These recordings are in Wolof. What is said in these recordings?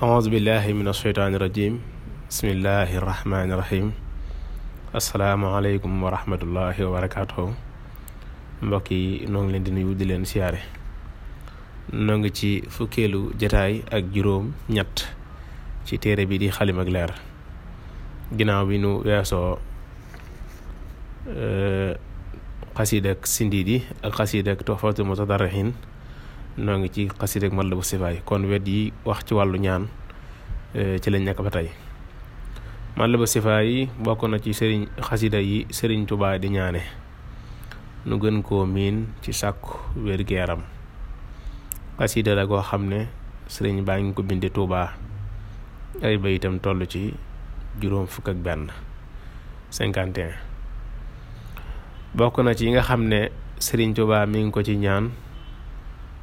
ahousubillahi min asheytaani irajim bismillahi irrahmaani irahim asalaamaaleykum wa rahmatullahi wa barakatuhu yi noo leen di nuyu di leen siyaare noo ngi ci fukkeelu jataay ak juróom ñett ci téere bi di xalimag leer ginnaaw bi nu weesoo eh, xasiid ak sindiidi ak xasiid ak toxfatul noo ngi ci xasida ak Matlabus Sifaay kon wet yi wax ci wàllu ñaan eh, ci lañ nekk ba tey Matlabus Sifaay bokk na ci sëriñ xasida yi sëriñ Tuubaa di ñaane nu gën koo miin ci sàkku wér gu xasida la koo xam ne sëriñ baa ngi ko bindi Tuubaa ay bayitam toll ci juróom fukk ak benn bokk na ci yi nga xam ne sëriñ Tuubaa mi ngi ko ci ñaan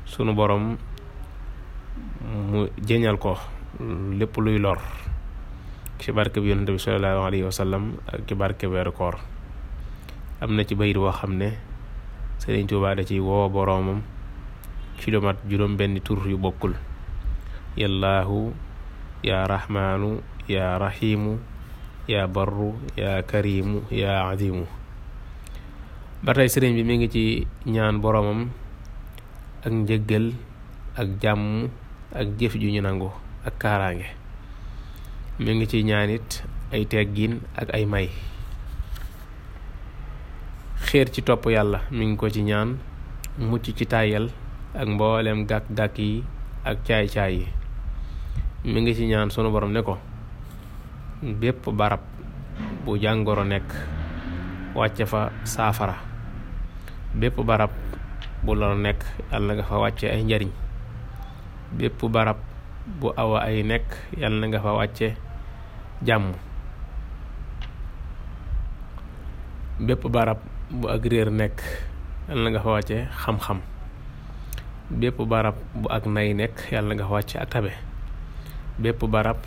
sunu borom mu jëñal ko lépp luy lor ci barke bi yonente bi sallallahu ak ci barke koor am na ci bayit woo xam ne Sëriñ Tuubaa da ci woo boroomam ci juróom benn tur yu bokkul yallaahu yaa rahmaanu yaa rahimu yaa barru yaa karimu yaa azimu ba sëriñ bi mi ngi ci ñaan boroomam ak njëggal ak jàmm ak jëf ju ñu nangu ak kaaraange mu ngi ci ñaanit ay teggin ak ay may xéer ci topp yàlla mi ngi ko ci ñaan mucc ci tàyyal ak mboolem gàkk-gàkk yi ak caay-caay yi mi ngi ci ñaan sunu borom ne ko bépp barab bu jàngoro nekk wàcce fa saafara bépp barab bu loolu nekk yàlla nga fa wàcce ay njariñ bépp barab bu awa ay nekk yàlla nga fa wàcce jàmm bépp barab bu ak réer nekk yàlla nga fa wàcce xam-xam bépp barab bu ak nay nekk yàlla nga fa wàcce ak tabe bépp barab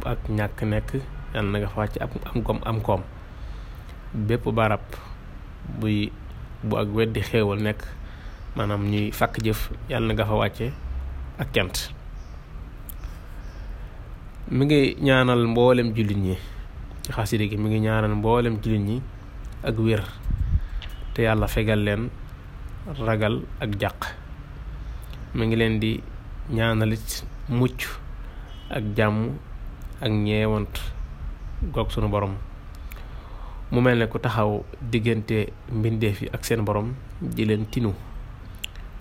bu ak ñàkk nekk yàlla nga fa wàcce ak am koom am koom bépp barab buy bu ak weddi xéewal nekk maanaam ñuy fàkk jëf yàlla na nga fa wàcce ak cant mu ngi ñaanal mboolem jullit ñi ci xasida gi mi ngi ñaanal mboolem jullit ñi ak wér te yàlla fegal leen ragal ak jàq mu ngi leen di ñaanalit mucc ak jàmm ak ñeewant goog sunu borom mu mel ne ku taxaw diggante mbindeef yi ak seen borom di leen tinu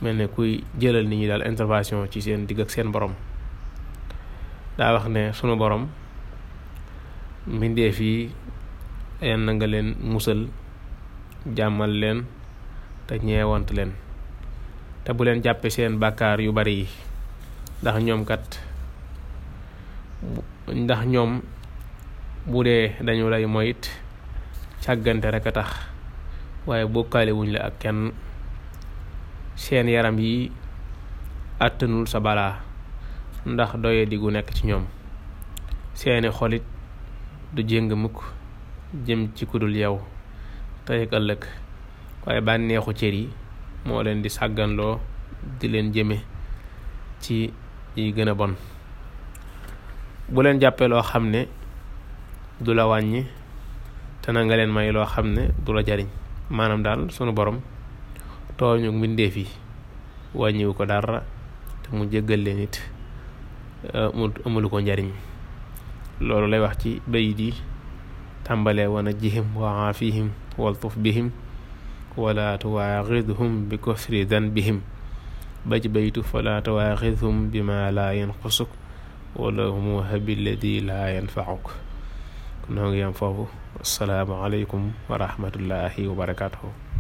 mel ni kuy jëlal nit ñi daal intervention ci seen digg ak seen borom daa wax ne sunu borom mbindeef yi yan na nga leen musal jàmmal leen te ñeewant leen te bu leen jàppe seen bàkkaar yu bari yi ndax ñoom kat ndax ñoom bu dee dañu lay moyit càggante rek a tax waaye bokkaale la ak kenn seen yaram yi àttanul sa balaa ndax doye di gu nekk ci ñoom seeni xolit du jéng mukk jëm ci kudul yow tey ak ëllëg waaye bànneexu cër yi moo leen di sàgganloo di leen jëme ci yi gën a bon bu leen jàppee loo xam ne du la wàññi te na nga leen may loo xam ne du la jariñ maanaam daal sunu borom tooñu mbindeef yi ko dara te mu jéggal leen it euh, mu njariñ loolu lay wax ci bayit yi tàmbalee wana jihim wa aafihim bihim wala tuwaaxidhum bi kasri danbihim ba ci baytu fala tuwaaxidhum bi ma laa yanqusuk wala humu billadi laa yanfaxuk noo ngi yam foofu assalaamu aleykum wa wa barakaatuhu